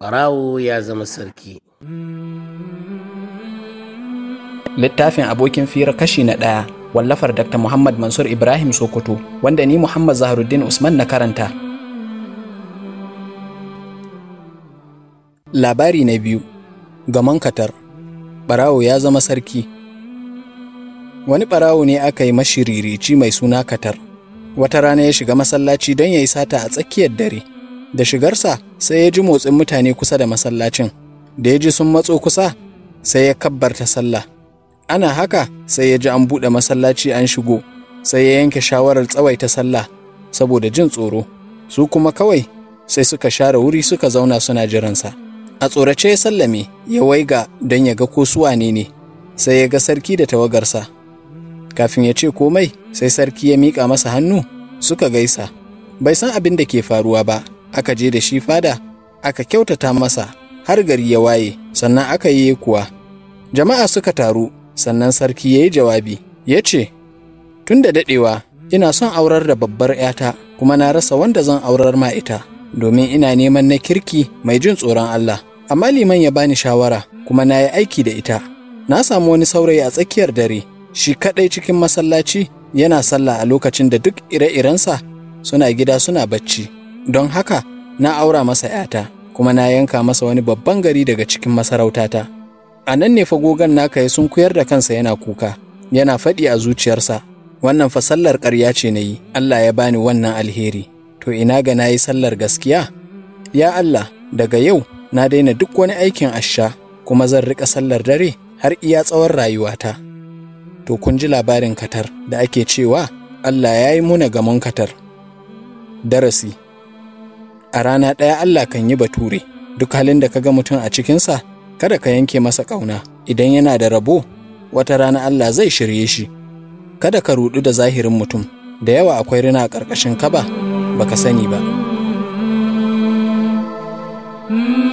barawo ya zama sarki littafin abokin fira kashi na ɗaya wallafar dr muhammad mansur ibrahim sokoto wanda ni muhammad zaharuddin usman na karanta labari na biyu gaman katar barawo ya zama sarki wani barawo ne aka yi mashiririci mai suna katar wata rana ya shiga masallaci don ya yi sata a tsakiyar dare da shigarsa sai ya ji motsin mutane kusa da masallacin da ya ji sun matso kusa sai ya kabbarta sallah ana haka sai ya ji an buɗe masallaci an shigo sai ya yanke shawarar tsawaita sallah saboda jin tsoro su kuma kawai sai suka share wuri suka zauna suna jiransa a tsorace ya sallame ya waiga don ya ga ko su wane ne sai ya ga sarki da tawagarsa kafin ya ce komai sai sarki ya mika masa hannu suka gaisa bai san abin da ke faruwa ba aka je da shi fada aka kyautata masa har gari ya waye sannan aka yi kuwa jama'a suka taru sannan sarki ya yi jawabi ya ce tun da daɗewa ina son aurar da babbar 'yata kuma na rasa wanda zan aurar ma ita domin ina neman na kirki mai jin tsoron Allah amma liman ya bani shawara kuma na yi aiki da ita na samu wani saurayi a tsakiyar dare shi kaɗai cikin masallaci yana sallah a lokacin da duk ire-irensa suna gida suna bacci don haka na aura masa ‘yata kuma na yanka masa wani babban gari daga cikin masarautata. A nan ne fagogon naka ya sunkuyar da kansa yana kuka, yana faɗi a zuciyarsa, wannan fa sallar ƙarya ce na yi, Allah ya bani wannan alheri, to ina ga na yi sallar gaskiya? Ya Allah, daga yau na daina duk wani aikin asha kuma zan riƙa sallar dare har iya tsawon rayuwata. To kun ji labarin Katar da ake cewa Allah ya yi muna gamon Katar. Darasi a rana ɗaya Allah kan yi bature duk halin da ka ga mutum a cikinsa kada ka yanke masa ƙauna idan yana da rabo wata rana Allah zai shirye shi kada ka ruɗu da zahirin mutum da yawa akwai rina a ƙarƙashin kaba baka sani ba. Mm.